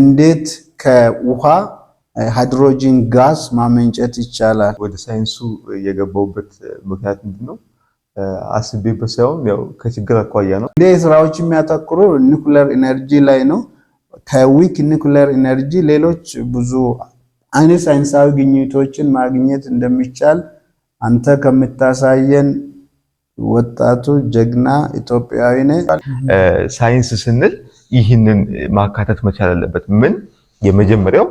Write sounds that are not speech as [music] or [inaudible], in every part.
እንዴት ከውሃ ሃይድሮጂን ጋዝ ማመንጨት ይቻላል? ወደ ሳይንሱ የገባውበት ምክንያት ምንድን ነው? አስቤበት ሳይሆን ያው ከችግር አኳያ ነው። እንደ ስራዎች የሚያተኩሩ ኒኩለር ኢነርጂ ላይ ነው። ከዊክ ኒኩለር ኢነርጂ ሌሎች ብዙ አይነት ሳይንሳዊ ግኝቶችን ማግኘት እንደሚቻል አንተ ከምታሳየን ወጣቱ ጀግና ኢትዮጵያዊ ነህ። ሳይንስ ስንል ይህንን ማካተት መቻል አለበት። ምን የመጀመሪያው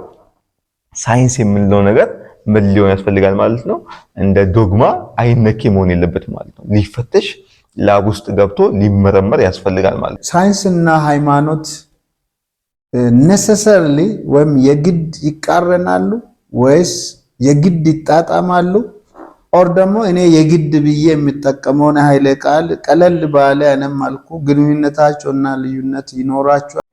ሳይንስ የምንለው ነገር ምን ሊሆን ያስፈልጋል ማለት ነው። እንደ ዶግማ አይነኬ መሆን የለበት ማለት ነው። ሊፈተሽ ላብ ውስጥ ገብቶ ሊመረመር ያስፈልጋል ማለት ነው። ሳይንስና ሃይማኖት ኔሰሰርሊ ወይም የግድ ይቃረናሉ ወይስ የግድ ይጣጣማሉ? ኦር ደግሞ እኔ የግድ ብዬ የምጠቀመውን ኃይለ ቃል ቀለል ባለ ያንም መልኩ ግንኙነታቸውና ልዩነት ይኖራቸዋል።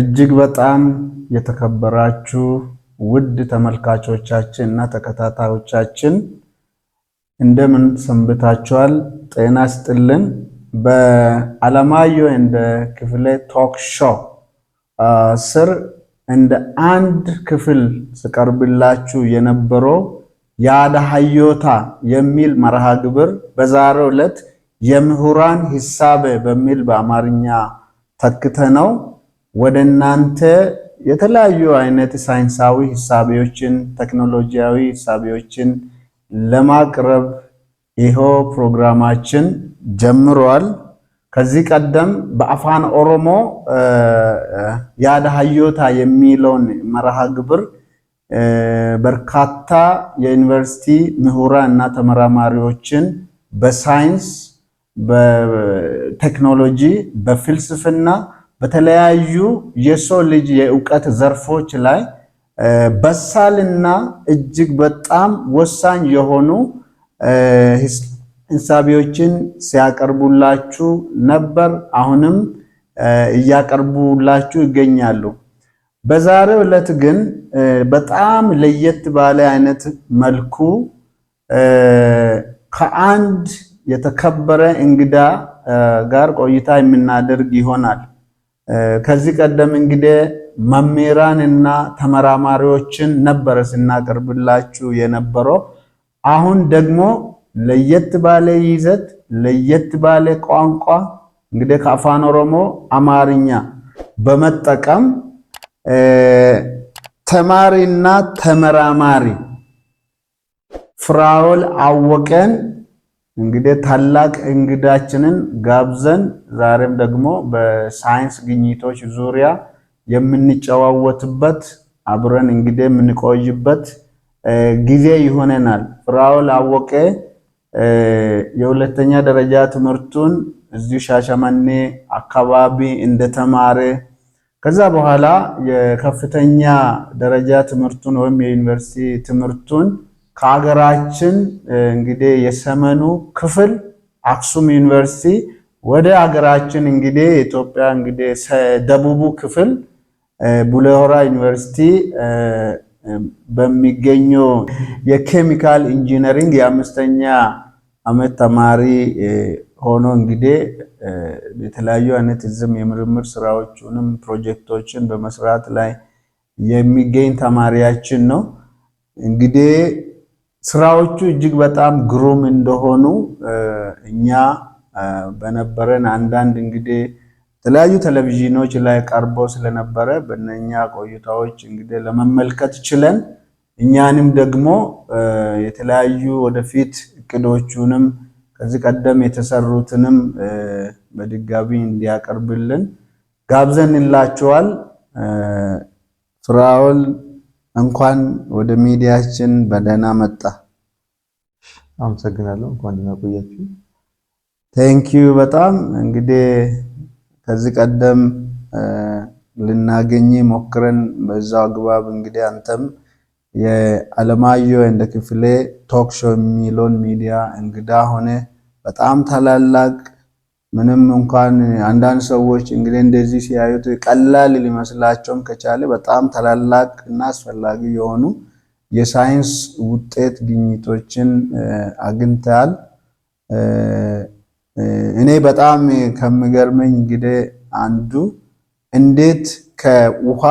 እጅግ በጣም የተከበራችሁ ውድ ተመልካቾቻችን እና ተከታታዮቻችን እንደምን ሰንብታችኋል? ጤና ስጥልን። በአለማየሁ እንደ ክፍሌ ቶክ ሾው ስር እንደ አንድ ክፍል ስቀርብላችሁ የነበረው ያለ ሀዮታ የሚል መርሃ ግብር በዛሬው ዕለት የምሁራን ሂሳብ በሚል በአማርኛ ተክተ ነው ወደ እናንተ የተለያዩ አይነት ሳይንሳዊ ሂሳቤዎችን፣ ቴክኖሎጂያዊ ሂሳቤዎችን ለማቅረብ ይኸው ፕሮግራማችን ጀምሯል። ከዚህ ቀደም በአፋን ኦሮሞ ያድሃዮታ የሚለውን መርሃ ግብር በርካታ የዩኒቨርሲቲ ምሁራን እና ተመራማሪዎችን በሳይንስ፣ በቴክኖሎጂ፣ በፍልስፍና በተለያዩ የሰው ልጅ የእውቀት ዘርፎች ላይ በሳልና እጅግ በጣም ወሳኝ የሆኑ ህሳቢዎችን ሲያቀርቡላችሁ ነበር፣ አሁንም እያቀርቡላችሁ ይገኛሉ። በዛሬው ዕለት ግን በጣም ለየት ባለ አይነት መልኩ ከአንድ የተከበረ እንግዳ ጋር ቆይታ የምናደርግ ይሆናል። ከዚህ ቀደም እንግዲህ መምህራን እና ተመራማሪዎችን ነበረ ስናቀርብላችሁ የነበረው አሁን ደግሞ ለየት ባለ ይዘት ለየት ባለ ቋንቋ እንግዲህ ከአፋን ኦሮሞ አማርኛ በመጠቀም ተማሪና ተመራማሪ ፍራውል አወቀን እንግዲህ ታላቅ እንግዳችንን ጋብዘን ዛሬም ደግሞ በሳይንስ ግኝቶች ዙሪያ የምንጨዋወትበት አብረን እንግዲህ የምንቆይበት ጊዜ ይሆነናል። ፍራውል አወቀ የሁለተኛ ደረጃ ትምህርቱን እዚሁ ሻሸመኔ አካባቢ እንደተማረ ከዛ በኋላ የከፍተኛ ደረጃ ትምህርቱን ወይም የዩኒቨርሲቲ ትምህርቱን ከሀገራችን እንግዲህ የሰሜኑ ክፍል አክሱም ዩኒቨርሲቲ ወደ ሀገራችን እንግዲህ የኢትዮጵያ እንግዲህ ደቡቡ ክፍል ቡሌሆራ ዩኒቨርሲቲ በሚገኘው የኬሚካል ኢንጂነሪንግ የአምስተኛ ዓመት ተማሪ ሆኖ እንግዲህ የተለያዩ አይነት ዝም የምርምር ስራዎችንም ፕሮጀክቶችን በመስራት ላይ የሚገኝ ተማሪያችን ነው። እንግዲህ ስራዎቹ እጅግ በጣም ግሩም እንደሆኑ እኛ በነበረን አንዳንድ እንግዲህ የተለያዩ ቴሌቪዥኖች ላይ ቀርቦ ስለነበረ በነኛ ቆይታዎች እንግዲህ ለመመልከት ችለን እኛንም ደግሞ የተለያዩ ወደፊት እቅዶቹንም ከዚህ ቀደም የተሰሩትንም በድጋሚ እንዲያቀርብልን ጋብዘንላችኋል። ፍራውል እንኳን ወደ ሚዲያችን በደህና መጣ። አመሰግናለሁ። እንኳን ደህና ቆያችሁ። ቴንኪዩ በጣም እንግዲህ ከዚህ ቀደም ልናገኝ ሞክረን በዛው አግባብ እንግዲህ አንተም የአለማየሁ እንደ ክፍሌ ቶክ ሾ የሚለውን ሚዲያ እንግዳ ሆነ በጣም ታላላቅ ምንም እንኳን አንዳንድ ሰዎች እንግዲህ እንደዚህ ሲያዩት ቀላል ሊመስላቸውም ከቻለ በጣም ታላላቅ እና አስፈላጊ የሆኑ የሳይንስ ውጤት ግኝቶችን አግኝተሃል። እኔ በጣም ከምገርመኝ እንግዲህ አንዱ እንዴት ከውሃ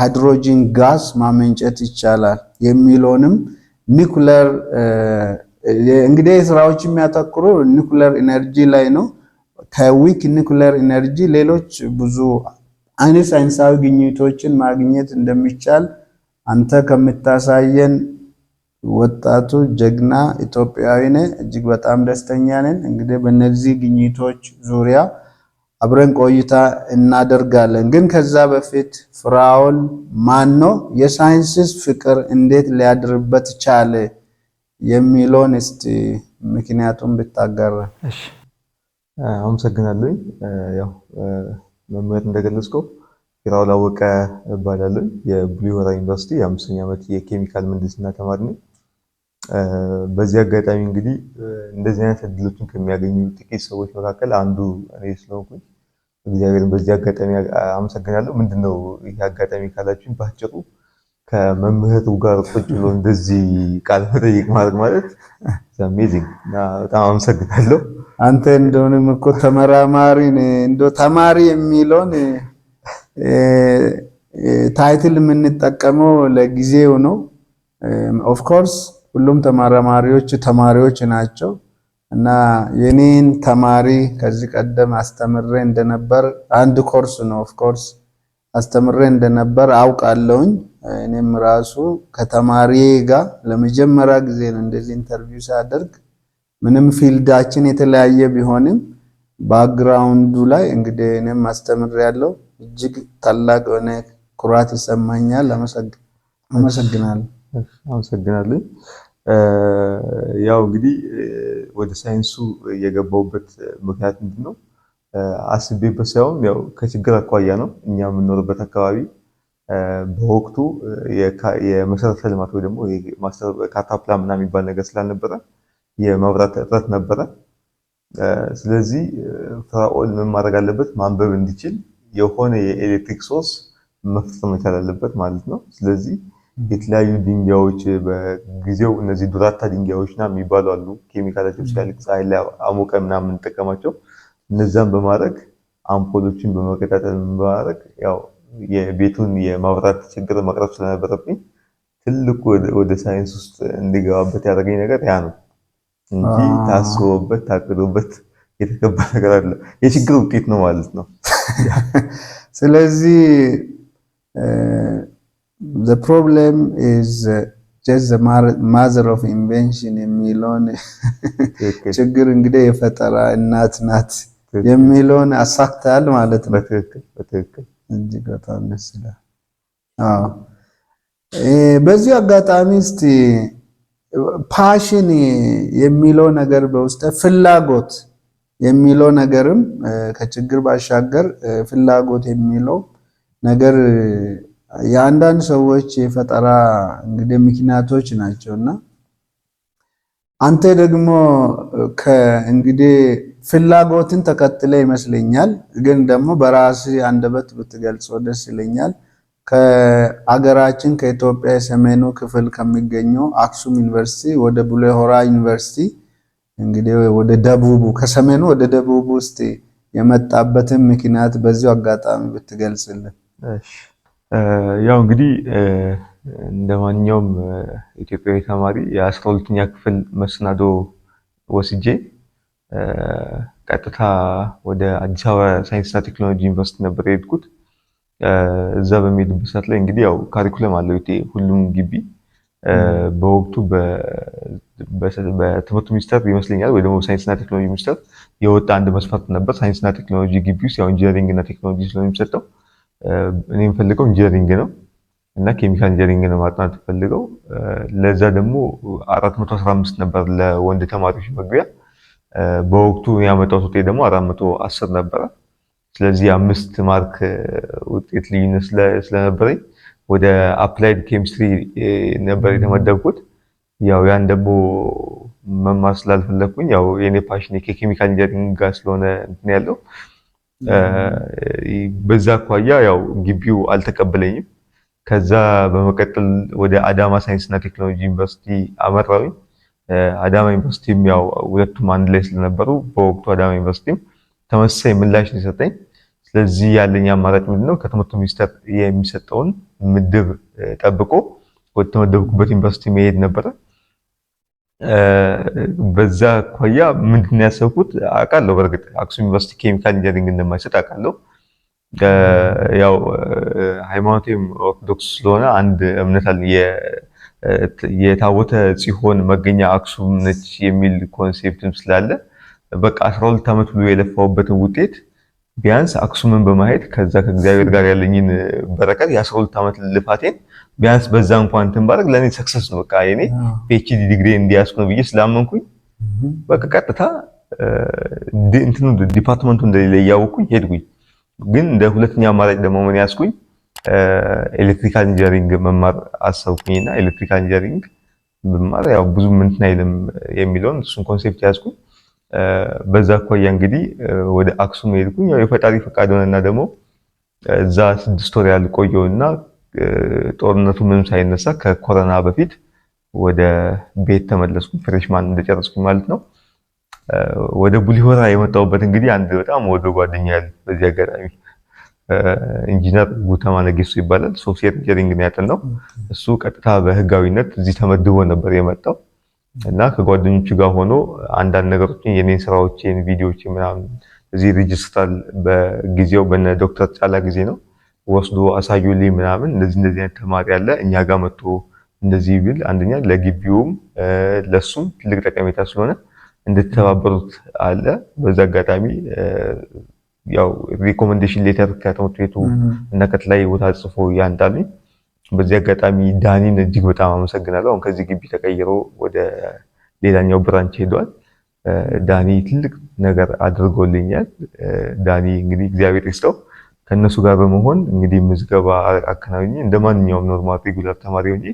ሃይድሮጂን ጋዝ ማመንጨት ይቻላል የሚለውንም ኒኩለር እንግዲህ ስራዎች የሚያተኩሩ ኒኩለር ኢነርጂ ላይ ነው። ከዊክ ኒኩለር ኢነርጂ ሌሎች ብዙ አይነት ሳይንሳዊ ግኝቶችን ማግኘት እንደሚቻል አንተ ከምታሳየን ወጣቱ ጀግና ኢትዮጵያዊ ነህ። እጅግ በጣም ደስተኛ ነን። እንግዲህ በእነዚህ ግኝቶች ዙሪያ አብረን ቆይታ እናደርጋለን። ግን ከዛ በፊት ፍራውል ማን ነው? የሳይንስስ ፍቅር እንዴት ሊያድርበት ቻለ? የሚለውን እስቲ ምክንያቱም ብታጋራ። እሺ፣ አመሰግናለሁ። ያው መምህር እንደገለጽከው ፍራኦል አወቀ እባላለሁ። የቡሌ ሆራ ዩኒቨርሲቲ የአምስተኛ ዓመት የኬሚካል ምህንድስና ተማሪ ነኝ። በዚህ አጋጣሚ እንግዲህ እንደዚህ አይነት እድሎችን ከሚያገኙ ጥቂት ሰዎች መካከል አንዱ እኔ ስለሆንኩኝ እግዚአብሔርን በዚህ አጋጣሚ አመሰግናለሁ። ምንድነው ይህ አጋጣሚ ካላችሁኝ፣ በአጭሩ ከመምህሩ ጋር ቁጭ ብሎ እንደዚህ ቃለ መጠይቅ ማድረግ ማለት አሜዚንግ፣ በጣም አመሰግናለሁ። አንተ እንደሆነም እኮ ተመራማሪ እንደ ተማሪ የሚለውን ታይትል የምንጠቀመው ለጊዜው ነው ኦፍኮርስ ሁሉም ተመራማሪዎች ተማሪዎች ናቸው እና የኔን ተማሪ ከዚህ ቀደም አስተምሬ እንደነበር አንድ ኮርስ ነው ኦፍ ኮርስ አስተምሬ እንደነበር አውቃለሁኝ። እኔም ራሱ ከተማሪ ጋር ለመጀመሪያ ጊዜ ነው እንደዚህ ኢንተርቪው ሳደርግ። ምንም ፊልዳችን የተለያየ ቢሆንም ባክግራውንዱ ላይ እንግዲህ እኔም አስተምሬ ያለው እጅግ ታላቅ የሆነ ኩራት ይሰማኛል። አመሰግናለሁ። አመሰግናለኝ ያው እንግዲህ ወደ ሳይንሱ የገባውበት ምክንያት ምንድን ነው? አስቤበት ሳይሆን ያው ከችግር አኳያ ነው። እኛ የምንኖርበት አካባቢ በወቅቱ የመሰረተ ልማት ወይ ደግሞ ካርታፕላን ምናምን የሚባል ነገር ስላልነበረ የመብራት እጥረት ነበረ። ስለዚህ ፍራኦል ምን ማድረግ አለበት? ማንበብ እንዲችል የሆነ የኤሌክትሪክ ሶርስ መፍጠር መቻል አለበት ማለት ነው። ስለዚህ የተለያዩ ድንጋዮች በጊዜው እነዚህ ዱራታ ና የሚባሉ አሉ። ኬሚካላቸው ሲያልቅ ፀሐይ ላይ አሞቀ ምናምን የምንጠቀማቸው እነዛን በማድረግ አምፖሎችን በመቀጣጠል በማድረግ ያው የቤቱን የማብራት ችግር መቅረብ ስለነበረብኝ ትልቁ ወደ ሳይንስ ውስጥ እንዲገባበት ያደረገኝ ነገር ያ ነው እንጂ ታስቦበት ታቅዶበት የተገባ ነገር አለ። የችግር ውጤት ነው ማለት ነው። [laughs] ስለዚህ the ፕሮብለም ኢዝ ጀስት ዘ ማዘር ኦፍ ኢንቬንሽን የሚለውን ችግር እንግዲህ የፈጠራ እናት ናት የሚለውን አሳክታል ማለት ነው። እጅግ በጣም ደስ ይላል። በዚህ አጋጣሚ እስቲ ፓሽን የሚለው ነገር በውስጠ ፍላጎት የሚለው ነገርም ከችግር ባሻገር ፍላጎት የሚለው ነገር የአንዳንድ ሰዎች የፈጠራ እንግዲህ ምክንያቶች ናቸው እና አንተ ደግሞ እንግዲህ ፍላጎትን ተከትለ ይመስለኛል፣ ግን ደግሞ በራስ አንደበት ብትገልጾ ደስ ይለኛል። ከአገራችን ከኢትዮጵያ የሰሜኑ ክፍል ከሚገኘው አክሱም ዩኒቨርሲቲ ወደ ቡሌ ሆራ ዩኒቨርሲቲ እንግዲህ ወደ ደቡቡ ከሰሜኑ ወደ ደቡቡ ውስጥ የመጣበትን ምክንያት በዚሁ አጋጣሚ ብትገልጽልን። ያው እንግዲህ እንደ ማንኛውም ኢትዮጵያዊ ተማሪ የአስራ ሁለተኛ ክፍል መሰናዶ ወስጄ ቀጥታ ወደ አዲስ አበባ ሳይንስና ቴክኖሎጂ ዩኒቨርሲቲ ነበር የሄድኩት። እዛ በሚሄድበት ሰዓት ላይ እንግዲህ ያው ካሪኩለም አለው ሁሉም ግቢ። በወቅቱ በትምህርት ሚኒስቴር ይመስለኛል ወይ ደግሞ ሳይንስና ቴክኖሎጂ ሚኒስቴር የወጣ አንድ መስፈርት ነበር። ሳይንስና ቴክኖሎጂ ግቢ ውስጥ ያው ኢንጂነሪንግ እና ቴክኖሎጂ ስለሆነ የሚሰጠው እኔ የምፈልገው ኢንጂነሪንግ ነው እና ኬሚካል ኢንጂነሪንግ ነው ማጥናት ፈልገው። ለዛ ደግሞ 415 ነበር ለወንድ ተማሪዎች መግቢያ። በወቅቱ ያመጣው ውጤት ደግሞ 410 ነበረ። ስለዚህ አምስት ማርክ ውጤት ልዩነት ስለነበረኝ ወደ አፕላይድ ኬሚስትሪ ነበር የተመደብኩት። ያው ያን ደግሞ መማር ስላልፈለግኩኝ ያው የኔ ፓሽን ከኬሚካል ኢንጂነሪንግ ጋር ስለሆነ እንትን ያለው በዛ አኳያ ያው ግቢው አልተቀበለኝም። ከዛ በመቀጠል ወደ አዳማ ሳይንስና ቴክኖሎጂ ዩኒቨርሲቲ አመራዊ። አዳማ ዩኒቨርሲቲም ያው ሁለቱም አንድ ላይ ስለነበሩ በወቅቱ አዳማ ዩኒቨርሲቲም ተመሳሳይ ምላሽ ሊሰጠኝ፣ ስለዚህ ያለኝ አማራጭ ምንድነው? ከትምህርት ሚኒስቴር የሚሰጠውን ምድብ ጠብቆ ወደ ዩኒቨርሲቲ መሄድ ነበረ። በዛ አኳያ ምንድን ያሰብኩት አውቃለሁ። በእርግጥ አክሱም ዩኒቨርሲቲ ኬሚካል ኢንጂነሪንግ እንደማይሰጥ አውቃለሁ። ያው ሃይማኖቴም ኦርቶዶክስ ስለሆነ አንድ እምነት አለ። የታቦተ ጽዮን መገኛ አክሱም ነች የሚል ኮንሴፕትም ስላለ በቃ አስራ ሁለት ዓመት ብሎ የለፋውበትን ውጤት ቢያንስ አክሱምን በማሄድ ከዛ ከእግዚአብሔር ጋር ያለኝን በረከት የአስራ ሁለት ዓመት ልፋቴን ቢያንስ በዛ እንኳን እንትን ባደርግ ለእኔ ሰክሰስ ነው። በቃ እኔ ፒኤችዲ ዲግሪ እንዲያስኩ ነው ብዬ ስላመንኩኝ በቃ ቀጥታ እንትኑ ዲፓርትመንቱ እንደሌለ እያወቅኩኝ ሄድኩኝ። ግን እንደ ሁለተኛ አማራጭ ደግሞ ምን ያስኩኝ ኤሌክትሪካል ኢንጂነሪንግ መማር አሰብኩኝና ኤሌክትሪካል ኢንጂነሪንግ ብማር ያው ብዙ ምንትን አይልም የሚለውን እሱን ኮንሴፕት ያስኩኝ። በዛ አኳያ እንግዲህ ወደ አክሱም ሄድኩኝ። ያው የፈጣሪ ፈቃድ ሆነና ደግሞ እዛ ስድስት ወር ያህል ቆየሁና ጦርነቱ ምንም ሳይነሳ ከኮረና በፊት ወደ ቤት ተመለስኩኝ። ፍሬሽማን እንደጨረስኩኝ ማለት ነው። ወደ ቡሊሆራ የመጣሁበት እንግዲህ አንድ በጣም ወደ ጓደኛ ያለ በዚህ አጋጣሚ ኢንጂነር ጉተማ ይባላል። ሶፍትዌር ኢንጂነሪንግ ነው ያጠናው። እሱ ቀጥታ በህጋዊነት እዚህ ተመድቦ ነበር የመጣው። እና ከጓደኞቹ ጋር ሆኖ አንዳንድ ነገሮችን የኔን ስራዎችን ቪዲዮዎች ምናምን እዚህ ሪጅስታል በጊዜው በነ ዶክተር ጫላ ጊዜ ነው ወስዶ አሳዩልኝ ምናምን እንደዚህ እንደዚህ አይነት ተማሪ አለ እኛ ጋር መጥቶ እንደዚህ ቢል አንደኛ ለግቢውም ለሱም ትልቅ ጠቀሜታ ስለሆነ እንድተባበሩት አለ። በዛ አጋጣሚ ያው ሪኮመንዴሽን ሌተር ከትምህርት ቤቱ እና ከተለያየ ቦታ ጽፎ ያንዳሉኝ በዚህ አጋጣሚ ዳኒን እጅግ በጣም አመሰግናለሁ። አሁን ከዚህ ግቢ ተቀይሮ ወደ ሌላኛው ብራንች ሄዷል። ዳኒ ትልቅ ነገር አድርጎልኛል። ዳኒ እንግዲህ እግዚአብሔር ይስጠው። ከእነሱ ጋር በመሆን እንግዲህ ምዝገባ አከናውኜ እንደ ማንኛውም ኖርማል ሬጉላር ተማሪ ሆኜ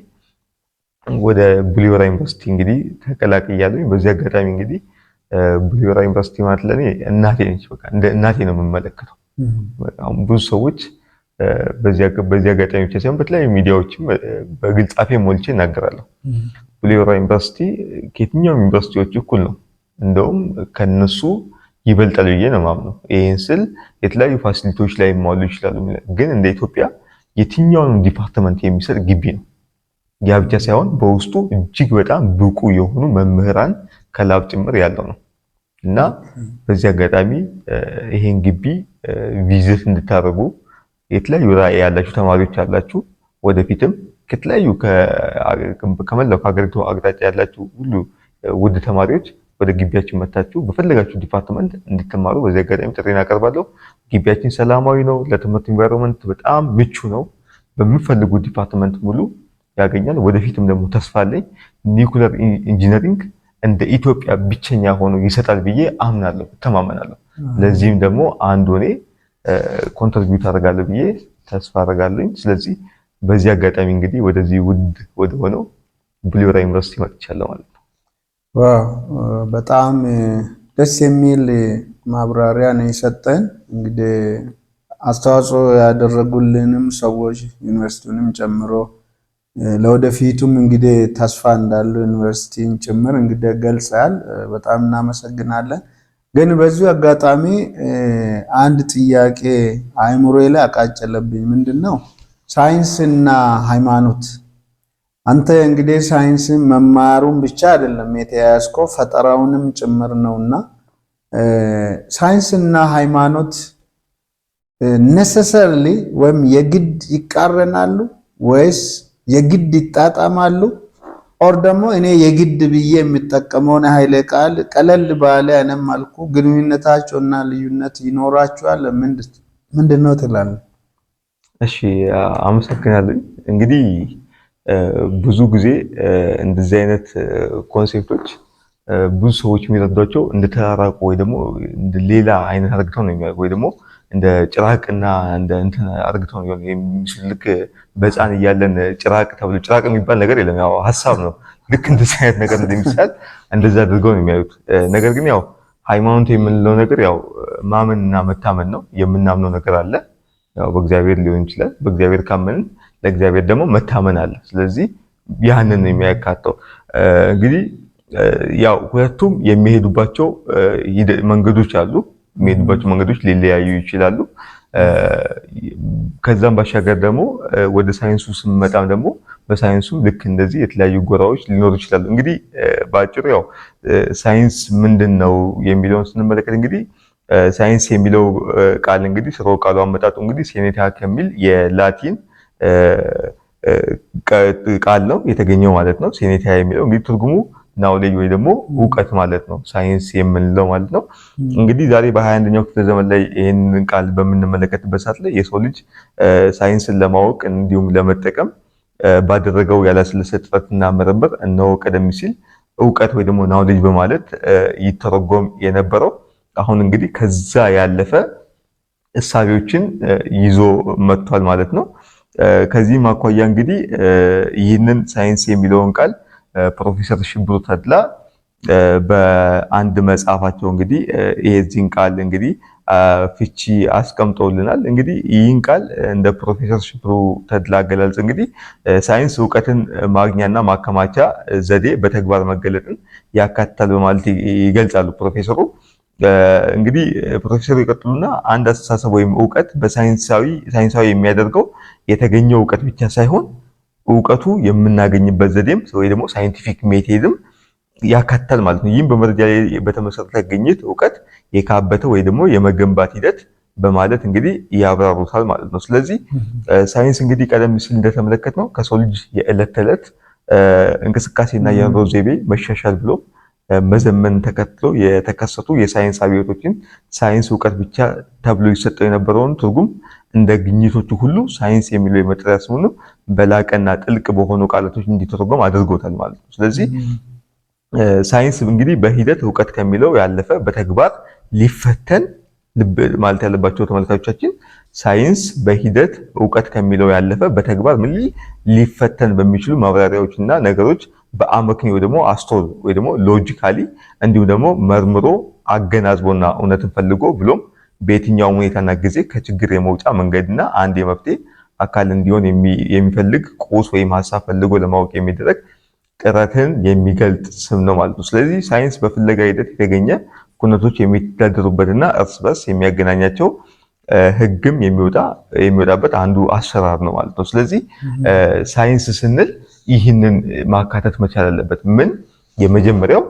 ወደ ቡሊወራ ዩኒቨርሲቲ እንግዲህ ተቀላቅያለሁ። በዚህ አጋጣሚ እንግዲህ ቡሊወራ ዩኒቨርሲቲ ማለት ለእኔ እናቴ ነች። በቃ እንደ እናቴ ነው የምመለከተው። ብዙ ሰዎች በዚህ አጋጣሚ ብቻ ሳይሆን በተለያዩ ሚዲያዎችም በግልጽ አፌን ሞልቼ እናገራለሁ። ቡሌሆራ ዩኒቨርሲቲ ከየትኛውም ዩኒቨርሲቲዎች እኩል ነው፣ እንደውም ከነሱ ይበልጣል ብዬ ነው የማምነው። ይህን ስል የተለያዩ ፋሲሊቲዎች ላይ ማሉ ይችላሉ፣ ግን እንደ ኢትዮጵያ የትኛውንም ዲፓርትመንት የሚሰጥ ግቢ ነው። ያ ብቻ ሳይሆን በውስጡ እጅግ በጣም ብቁ የሆኑ መምህራን ከላብ ጭምር ያለው ነው እና በዚህ አጋጣሚ ይሄን ግቢ ቪዝት እንድታደርጉ የተለያዩ ራዕይ ያላችሁ ተማሪዎች ያላችሁ ወደፊትም ከተለያዩ ከመላው ከሀገሪቱ አቅጣጫ ያላችሁ ሁሉ ውድ ተማሪዎች ወደ ግቢያችን መታችሁ በፈለጋችሁ ዲፓርትመንት እንድትማሩ በዚህ አጋጣሚ ጥሪን አቀርባለሁ። ግቢያችን ሰላማዊ ነው። ለትምህርት ኢንቫይሮንመንት በጣም ምቹ ነው። በሚፈልጉ ዲፓርትመንት ሙሉ ያገኛል። ወደፊትም ደግሞ ተስፋ አለኝ ኒኩለር ኢንጂነሪንግ እንደ ኢትዮጵያ ብቸኛ ሆኖ ይሰጣል ብዬ አምናለሁ፣ እተማመናለሁ። ለዚህም ደግሞ አንዱ እኔ ኮንትሪቢዩት አደርጋለሁ ብዬ ተስፋ አደርጋለሁኝ። ስለዚህ በዚህ አጋጣሚ እንግዲህ ወደዚህ ውድ ወደ ሆነው ቡሌ ዩኒቨርሲቲ መጥቻለሁ ማለት ነው። ዋው በጣም ደስ የሚል ማብራሪያ ነው የሰጠን። እንግዲህ አስተዋጽኦ ያደረጉልንም ሰዎች ዩኒቨርሲቲውንም ጨምሮ ለወደፊቱም እንግዲህ ተስፋ እንዳለው ዩኒቨርሲቲን ጭምር እንግዲህ ገልጸሃል። በጣም እናመሰግናለን። ግን በዚሁ አጋጣሚ አንድ ጥያቄ አእምሮዬ ላይ አቃጨለብኝ። ምንድን ነው ሳይንስና ሃይማኖት? አንተ እንግዲህ ሳይንስ መማሩን ብቻ አይደለም የተያያዝከው ፈጠራውንም ጭምር ነውና ሳይንስና ሃይማኖት ነሰሰርሊ ወይም የግድ ይቃረናሉ ወይስ የግድ ይጣጣማሉ? ኦር ደግሞ እኔ የግድ ብዬ የሚጠቀመውን ኃይለ ቃል ቀለል ባለ አይነት መልኩ ግንኙነታቸውና ልዩነት ይኖራቸዋል ምንድን ነው ትላለህ? እሺ አመሰግናለሁ። እንግዲህ ብዙ ጊዜ እንደዚህ አይነት ኮንሴፕቶች ብዙ ሰዎች የሚረዷቸው እንደተራራቁ ወይ ደግሞ ሌላ አይነት አድርገው ነው ወይ ደግሞ እንደ ጭራቅና እንደ እንትን አድርግተው የሚስል ልክ በሕፃን እያለን ጭራቅ ተብሎ ጭራቅ የሚባል ነገር የለም፣ ያው ሀሳብ ነው። ልክ እንደዚህ አይነት ነገር እንደሚሳል እንደዛ አድርገው ነው የሚያዩት። ነገር ግን ያው ሃይማኖት የምንለው ነገር ያው ማመን እና መታመን ነው። የምናምነው ነገር አለ፣ ያው በእግዚአብሔር ሊሆን ይችላል። በእግዚአብሔር ካመንን ለእግዚአብሔር ደግሞ መታመን አለ። ስለዚህ ያንን ነው የሚያካተው እንግዲህ ያው ሁለቱም የሚሄዱባቸው መንገዶች አሉ። የሚሄዱባቸው መንገዶች ሊለያዩ ይችላሉ። ከዛም ባሻገር ደግሞ ወደ ሳይንሱ ስንመጣም ደግሞ በሳይንሱም ልክ እንደዚህ የተለያዩ ጎራዎች ሊኖሩ ይችላሉ። እንግዲህ በአጭሩ ያው ሳይንስ ምንድን ነው የሚለውን ስንመለከት እንግዲህ ሳይንስ የሚለው ቃል እንግዲህ ስሮ ቃሉ አመጣጡ እንግዲህ ሴኔታ ከሚል የላቲን ቃል ነው የተገኘው ማለት ነው። ሴኔታ የሚለው እንግዲህ ትርጉሙ ናውሌጅ ወይ ደግሞ እውቀት ማለት ነው፣ ሳይንስ የምንለው ማለት ነው። እንግዲህ ዛሬ በሀያ ኛው ክፍለ ዘመን ላይ ይህንን ቃል በምንመለከትበት ሰዓት ላይ የሰው ልጅ ሳይንስን ለማወቅ እንዲሁም ለመጠቀም ባደረገው ያላሰለሰ ጥረትና ምርምር እነሆ ቀደም ሲል እውቀት ወይ ደግሞ ናውሌጅ በማለት ይተረጎም የነበረው አሁን እንግዲህ ከዛ ያለፈ እሳቤዎችን ይዞ መጥቷል ማለት ነው። ከዚህም አኳያ እንግዲህ ይህንን ሳይንስ የሚለውን ቃል ፕሮፌሰር ሽብሩ ተድላ በአንድ መጽሐፋቸው እንግዲህ ይህዚህን ቃል እንግዲህ ፍቺ አስቀምጦልናል። እንግዲህ ይህን ቃል እንደ ፕሮፌሰር ሽብሩ ተድላ አገላለጽ እንግዲህ ሳይንስ እውቀትን ማግኛና ማከማቻ ዘዴ በተግባር መገለጥን ያካትታል በማለት ይገልጻሉ ፕሮፌሰሩ። እንግዲህ ፕሮፌሰሩ ይቀጥሉና አንድ አስተሳሰብ ወይም እውቀት በሳይንሳዊ ሳይንሳዊ የሚያደርገው የተገኘው እውቀት ብቻ ሳይሆን እውቀቱ የምናገኝበት ዘዴም ወይ ደግሞ ሳይንቲፊክ ሜቴድም ያካትታል ማለት ነው። ይህም በመረጃ ላይ በተመሰረተ ግኝት እውቀት የካበተ ወይ ደግሞ የመገንባት ሂደት በማለት እንግዲህ ያብራሩታል ማለት ነው። ስለዚህ ሳይንስ እንግዲህ ቀደም ሲል እንደተመለከት ነው ከሰው ልጅ የዕለት ተዕለት እንቅስቃሴና የኑሮ ዘይቤ መሻሻል ብሎ መዘመን ተከትሎ የተከሰቱ የሳይንስ አብዮቶችን ሳይንስ እውቀት ብቻ ተብሎ ይሰጠው የነበረውን ትርጉም እንደ ግኝቶቹ ሁሉ ሳይንስ የሚለው የመጠሪያ ስሙንም በላቀና ጥልቅ በሆኑ ቃላቶች እንዲተረጎም አድርጎታል ማለት ነው። ስለዚህ ሳይንስ እንግዲህ በሂደት እውቀት ከሚለው ያለፈ በተግባር ሊፈተን ማለት ያለባቸው ተመልካቾቻችን ሳይንስ በሂደት እውቀት ከሚለው ያለፈ በተግባር ምን ሊፈተን በሚችሉ ማብራሪያዎች እና ነገሮች በአመክንዮ ደግሞ አስተውል ወይ ደግሞ ሎጂካሊ እንዲሁም ደግሞ መርምሮ አገናዝቦና እውነትን ፈልጎ ብሎም በየትኛውም ሁኔታና ጊዜ ከችግር የመውጫ መንገድና አንድ የመፍትሄ አካል እንዲሆን የሚፈልግ ቁስ ወይም ሀሳብ ፈልጎ ለማወቅ የሚደረግ ጥረትን የሚገልጥ ስም ነው ማለት ነው። ስለዚህ ሳይንስ በፍለጋ ሂደት የተገኘ ኩነቶች የሚተዳደሩበትና እርስ በርስ የሚያገናኛቸው ህግም የሚወጣበት አንዱ አሰራር ነው ማለት ነው። ስለዚህ ሳይንስ ስንል ይህንን ማካተት መቻል አለበት። ምን የመጀመሪያው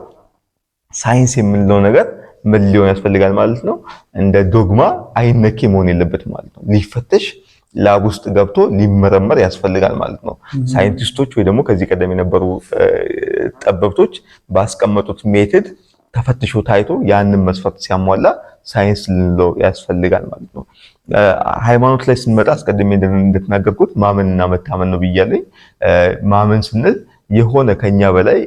ሳይንስ የምንለው ነገር ምን ሊሆን ያስፈልጋል ማለት ነው? እንደ ዶግማ አይነኬ መሆን የለበትም ማለት ነው። ሊፈተሽ ላብ ውስጥ ገብቶ ሊመረመር ያስፈልጋል ማለት ነው። ሳይንቲስቶች ወይ ደግሞ ከዚህ ቀደም የነበሩ ጠበብቶች ባስቀመጡት ሜትድ ተፈትሾ ታይቶ ያንን መስፈርት ሲያሟላ ሳይንስ ልንለው ያስፈልጋል ማለት ነው። ሃይማኖት ላይ ስንመጣ አስቀድሜ እንደተናገርኩት ማመንና መታመን ነው ብያለኝ። ማመን ስንል የሆነ ከኛ በላይ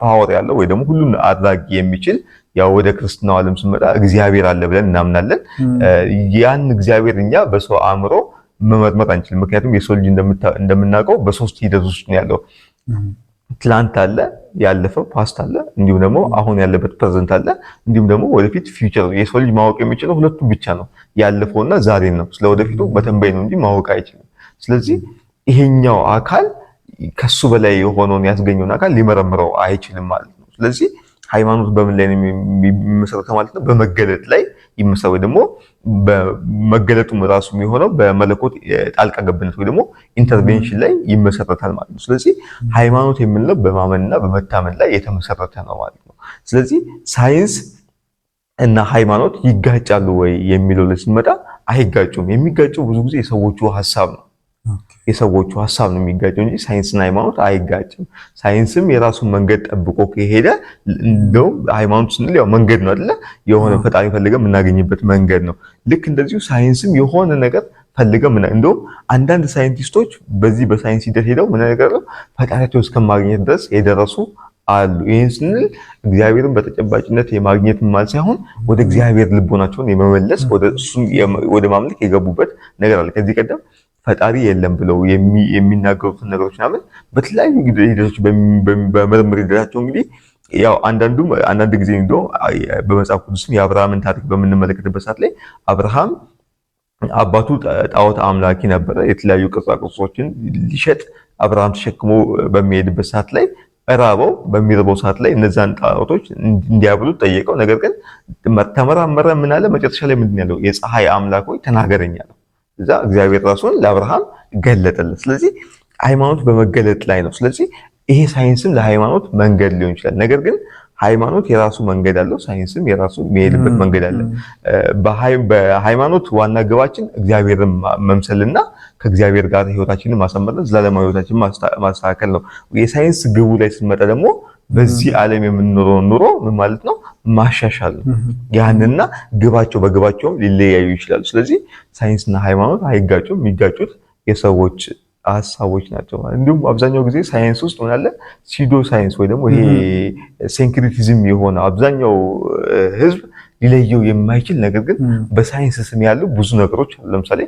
ፓወር ያለው ወይ ደግሞ ሁሉን አድራጊ የሚችል ያው ወደ ክርስትናው ዓለም ስንመጣ እግዚአብሔር አለ ብለን እናምናለን። ያን እግዚአብሔር እኛ በሰው አእምሮ መመርመር አንችልም። ምክንያቱም የሰው ልጅ እንደምናውቀው በሶስት ሂደቶች ነው ያለው ትላንት አለ፣ ያለፈው ፓስት አለ፣ እንዲሁም ደግሞ አሁን ያለበት ፕሬዘንት አለ፣ እንዲሁም ደግሞ ወደፊት ፊውቸር። የሰው ልጅ ማወቅ የሚችለው ሁለቱም ብቻ ነው፣ ያለፈውና ዛሬን ነው። ስለወደፊቱ ወደፊቱ ነው እንጂ ማወቅ አይችልም። ስለዚህ ይሄኛው አካል ከሱ በላይ የሆነውን ያስገኘውን አካል ሊመረምረው አይችልም ማለት ነው። ስለዚህ ሃይማኖት በምን ላይ ነው የሚመሰረተው ማለት ነው? በመገለጥ ላይ ይመሰረ ደግሞ በመገለጡም ራሱ የሚሆነው በመለኮት ጣልቃ ገብነት ወይ ደግሞ ኢንተርቬንሽን ላይ ይመሰረታል ማለት ነው። ስለዚህ ሃይማኖት የምንለው በማመንና በመታመን ላይ የተመሰረተ ነው ማለት ነው። ስለዚህ ሳይንስ እና ሃይማኖት ይጋጫሉ ወይ የሚለው ላይ ስንመጣ አይጋጩም። የሚጋጩ ብዙ ጊዜ የሰዎቹ ሀሳብ ነው። የሰዎቹ ሀሳብ ነው የሚጋጨው እንጂ ሳይንስና ሃይማኖት አይጋጭም። ሳይንስም የራሱን መንገድ ጠብቆ ከሄደ እንደውም ሃይማኖት ስንል ያው መንገድ ነው አይደለ? የሆነ ፈጣሪ ፈልገ የምናገኝበት መንገድ ነው። ልክ እንደዚሁ ሳይንስም የሆነ ነገር ፈልገ ምን እንደውም አንዳንድ ሳይንቲስቶች በዚህ በሳይንስ ሂደት ሄደው ምን ነገር ነው ፈጣሪያቸው እስከማግኘት ድረስ የደረሱ አሉ። ይህን ስንል እግዚአብሔርን በተጨባጭነት የማግኘት ማል ሳይሆን ወደ እግዚአብሔር ልቦናቸውን የመመለስ ወደ እሱ ወደ ማምለክ የገቡበት ነገር አለ ከዚህ ቀደም ፈጣሪ የለም ብለው የሚናገሩትን ነገሮች ምናምን በተለያዩ ሂደቶች በምርምር ሂደታቸው እንግዲህ ያው አንዳንዱ አንዳንድ ጊዜ እንዶ በመጽሐፍ ቅዱስም የአብርሃምን ታሪክ በምንመለከትበት ሰዓት ላይ አብርሃም አባቱ ጣዖት አምላኪ ነበረ። የተለያዩ ቅርጻ ቅርጾችን ሊሸጥ አብርሃም ተሸክሞ በሚሄድበት ሰዓት ላይ ራበው። በሚርበው ሰዓት ላይ እነዛን ጣዖቶች እንዲያብሉ ጠየቀው። ነገር ግን ተመራመረ። ምን አለ መጨረሻ ላይ ምንድን ያለው የፀሐይ አምላክ ሆይ ተናገረኝ አለው። እዛ እግዚአብሔር ራሱን ለአብርሃም ገለጠለት። ስለዚህ ሃይማኖት በመገለጥ ላይ ነው። ስለዚህ ይሄ ሳይንስም ለሃይማኖት መንገድ ሊሆን ይችላል። ነገር ግን ሃይማኖት የራሱ መንገድ አለው፣ ሳይንስም የራሱ የሚሄድበት መንገድ አለ። በሃይማኖት ዋና ግባችን እግዚአብሔርን መምሰልና ከእግዚአብሔር ጋር ህይወታችንን ማሳመር፣ ዘላለማዊ ህይወታችንን ማስተካከል ነው። የሳይንስ ግቡ ላይ ስንመጣ ደግሞ በዚህ ዓለም የምንኖረው ኑሮ ምን ማለት ነው? ማሻሻል ነው። ያንና ግባቸው በግባቸውም ሊለያዩ ይችላሉ። ስለዚህ ሳይንስና ሃይማኖት አይጋጩም። የሚጋጩት የሰዎች ሀሳቦች ናቸው። እንዲሁም አብዛኛው ጊዜ ሳይንስ ውስጥ ምን አለ ሲዶ ሳይንስ ወይ ደግሞ ይሄ ሴንክሪቲዝም የሆነ አብዛኛው ህዝብ ሊለየው የማይችል ነገር ግን በሳይንስ ስም ያሉ ብዙ ነገሮች አሉ። ለምሳሌ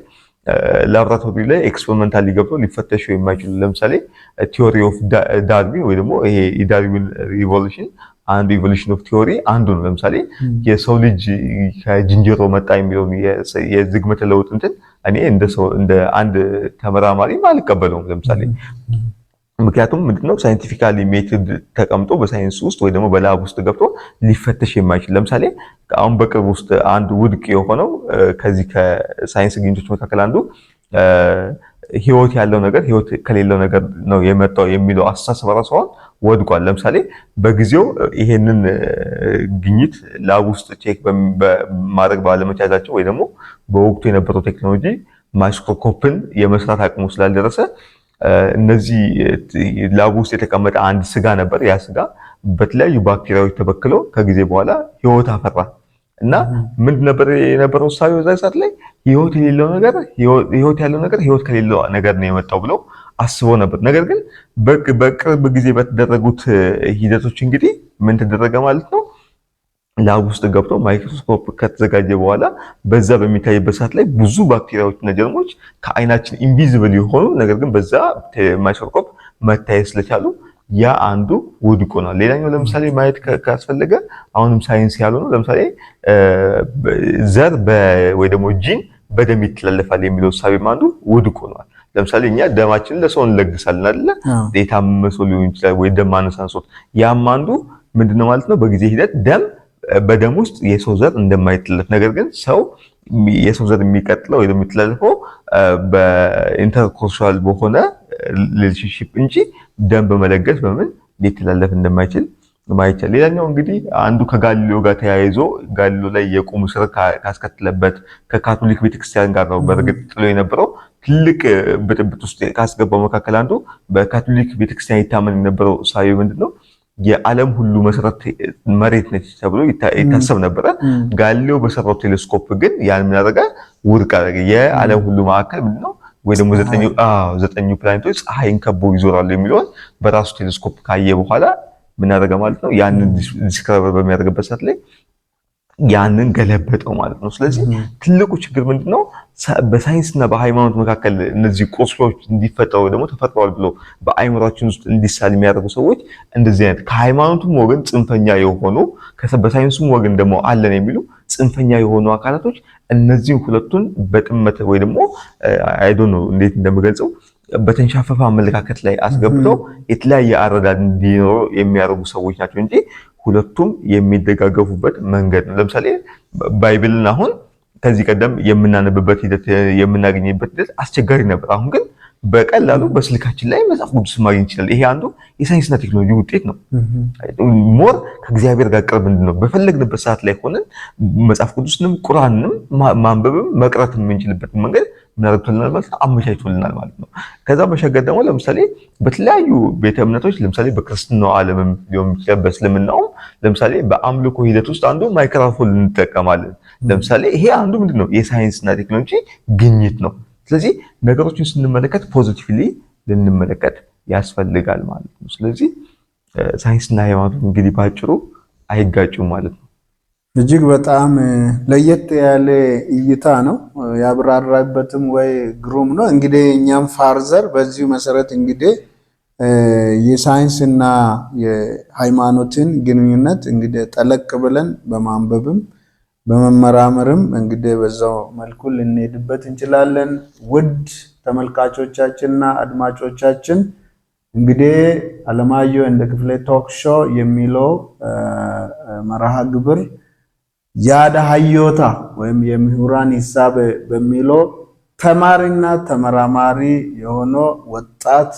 ላብራቶሪ ላይ ኤክስፐሪመንታል ሊገብተው ሊፈተሹ የማይችሉ ለምሳሌ ቲዮሪ ኦፍ ዳርዊን ወይ ደግሞ ይሄ የዳርዊን ኢቮሉሽን አንዱ ኢቮሉሽን ኦፍ ቲዮሪ አንዱ ነው። ለምሳሌ የሰው ልጅ ከዝንጀሮ መጣ የሚለውን የዝግመተ ለውጥ እንትን እኔ እንደ አንድ ተመራማሪም አልቀበለውም። ለምሳሌ ምክንያቱም ምንድነው ሳይንቲፊካሊ ሜትድ ተቀምጦ በሳይንስ ውስጥ ወይ ደግሞ በላብ ውስጥ ገብቶ ሊፈተሽ የማይችል ለምሳሌ አሁን በቅርብ ውስጥ አንድ ውድቅ የሆነው ከዚህ ከሳይንስ ግኝቶች መካከል አንዱ ህይወት ያለው ነገር ህይወት ከሌለው ነገር ነው የመጣው የሚለው አስተሳሰብ ራሱ አሁን ወድቋል። ለምሳሌ በጊዜው ይሄንን ግኝት ላብ ውስጥ ቼክ ማድረግ ባለመቻላቸው ወይ ደግሞ በወቅቱ የነበረው ቴክኖሎጂ ማይክሮስኮፕን የመስራት አቅሙ ስላልደረሰ እነዚህ ላቡ ውስጥ የተቀመጠ አንድ ስጋ ነበር። ያ ስጋ በተለያዩ ባክቴሪያዎች ተበክሎ ከጊዜ በኋላ ህይወት አፈራ እና ምንድን ነበር የነበረው እሳቤ በዛ ሰዓት ላይ ህይወት የሌለው ነገር ህይወት ያለው ነገር ህይወት ከሌለው ነገር ነው የመጣው ብለው አስበው ነበር። ነገር ግን በቅርብ ጊዜ በተደረጉት ሂደቶች እንግዲህ ምን ተደረገ ማለት ነው ላብ ውስጥ ገብቶ ማይክሮስኮፕ ከተዘጋጀ በኋላ በዛ በሚታይበት ሰዓት ላይ ብዙ ባክቴሪያዎችና ጀርሞች ከአይናችን ኢንቪዚብል የሆኑ ነገር ግን በዛ ማይክሮስኮፕ መታየት ስለቻሉ ያ አንዱ ውድቅ ሆኗል። ሌላኛው ለምሳሌ ማየት ካስፈለገ አሁንም ሳይንስ ነው። ለምሳሌ ዘር ወይ ደግሞ ጂን በደም ይተላለፋል የሚለው ሳቢም አንዱ ውድቅ ሆኗል። ለምሳሌ እኛ ደማችንን ለሰው እንለግሳለን አይደለ? የታመመ ሰው ሊሆን ይችላል ወይ ደም አነሳንሶት ያም አንዱ ምንድነው ማለት ነው በጊዜ ሂደት ደም በደም ውስጥ የሰው ዘር እንደማይተላለፍ ነገር ግን ሰው የሰው ዘር የሚቀጥለው ወይ የሚተላለፈው በኢንተርኮርሳል በሆነ ሪሌሽንሽፕ እንጂ ደም በመለገስ በምን ሊተላለፍ እንደማይችል ማይቻል። ሌላኛው እንግዲህ አንዱ ከጋሊሎ ጋር ተያይዞ ጋሊሎ ላይ የቁም ስር ካስከትለበት ከካቶሊክ ቤተክርስቲያን ጋር ነው በእርግጥ ጥሎ የነበረው ትልቅ ብጥብጥ ውስጥ ካስገባው መካከል አንዱ በካቶሊክ ቤተክርስቲያን ይታመን የነበረው ሳዩ ምንድን ነው የዓለም ሁሉ መሰረት መሬት ነች ተብሎ ይታሰብ ነበረ። ጋሌው በሰራው ቴሌስኮፕ ግን ያን ምን አደረገ? ውድቅ አደረገ። የዓለም ሁሉ ማዕከል ምንድን ነው ወይ ደግሞ ዘጠኙ ፕላኔቶች ፀሐይን ከቦ ይዞራሉ የሚለውን በራሱ ቴሌስኮፕ ካየ በኋላ ምን አደረገ ማለት ነው። ያንን ዲስከቨር በሚያደርግበት ሰዓት ላይ ያንን ገለበጠው ማለት ነው። ስለዚህ ትልቁ ችግር ምንድን ነው? በሳይንስና በሃይማኖት መካከል እነዚህ ቁስሎች እንዲፈጠሩ ደግሞ ተፈጥሯል ብሎ በአይምሯችን ውስጥ እንዲሳል የሚያደርጉ ሰዎች እንደዚህ አይነት ከሃይማኖቱም ወገን ጽንፈኛ የሆኑ በሳይንሱም ወገን ደግሞ አለን የሚሉ ጽንፈኛ የሆኑ አካላቶች እነዚህን ሁለቱን በጥመት ወይ ደግሞ አይዶ ነው እንዴት እንደምገልጸው በተንሻፈፈ አመለካከት ላይ አስገብተው የተለያየ አረዳድ እንዲኖሩ የሚያደርጉ ሰዎች ናቸው እንጂ ሁለቱም የሚደጋገፉበት መንገድ ነው። ለምሳሌ ባይብልን አሁን ከዚህ ቀደም የምናነብበት ሂደት የምናገኝበት ሂደት አስቸጋሪ ነበር። አሁን ግን በቀላሉ በስልካችን ላይ መጽሐፍ ቅዱስ ማግኘት ይችላል። ይሄ አንዱ የሳይንስና ቴክኖሎጂ ውጤት ነው። ሞር ከእግዚአብሔር ጋር ቅርብ እንድንሆን በፈለግንበት ሰዓት ላይ ሆነን መጽሐፍ ቅዱስንም ቁርአንንም ማንበብም መቅረት የምንችልበት መንገድ ምናደርግቶልናል ማለት ነው፣ አመቻችቶልናል ማለት ነው። ከዛ በሻገር ደግሞ ለምሳሌ በተለያዩ ቤተ እምነቶች ለምሳሌ በክርስትናው ዓለምም ሊሆን ይችላል፣ በእስልምናውም ለምሳሌ በአምልኮ ሂደት ውስጥ አንዱ ማይክሮፎን እንጠቀማለን። ለምሳሌ ይሄ አንዱ ምንድን ነው የሳይንስና ቴክኖሎጂ ግኝት ነው። ስለዚህ ነገሮችን ስንመለከት ፖዚቲቭሊ ልንመለከት ያስፈልጋል ማለት ነው። ስለዚህ ሳይንስና ሃይማኖት እንግዲህ ባጭሩ አይጋጩም ማለት ነው። እጅግ በጣም ለየት ያለ እይታ ነው ያብራራበትም ወይ ግሩም ነው። እንግዲህ እኛም ፋርዘር በዚሁ መሰረት እንግዲህ የሳይንስና የሃይማኖትን ግንኙነት እንግዲህ ጠለቅ ብለን በማንበብም በመመራመርም እንግዲህ በዛው መልኩ ልንሄድበት እንችላለን። ውድ ተመልካቾቻችንና አድማጮቻችን እንግዲህ አለማየሁ እንደ ክፍሌ ቶክ ሾው የሚለው መርሃ ግብር ያደ ሀዮታ ወይም የምሁራን ሂሳብ በሚለው ተማሪና ተመራማሪ የሆነ ወጣት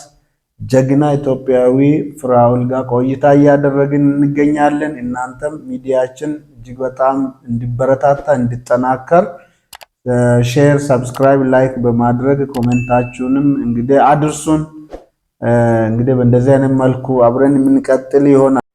ጀግና ኢትዮጵያዊ ፍራኦል ጋር ቆይታ እያደረግን እንገኛለን። እናንተም ሚዲያችን እጅግ በጣም እንዲበረታታ እንዲጠናከር ሼር፣ ሰብስክራይብ፣ ላይክ በማድረግ ኮሜንታችሁንም እንግዲህ አድርሱን። እንግዲህ በእንደዚህ አይነት መልኩ አብረን የምንቀጥል ይሆናል።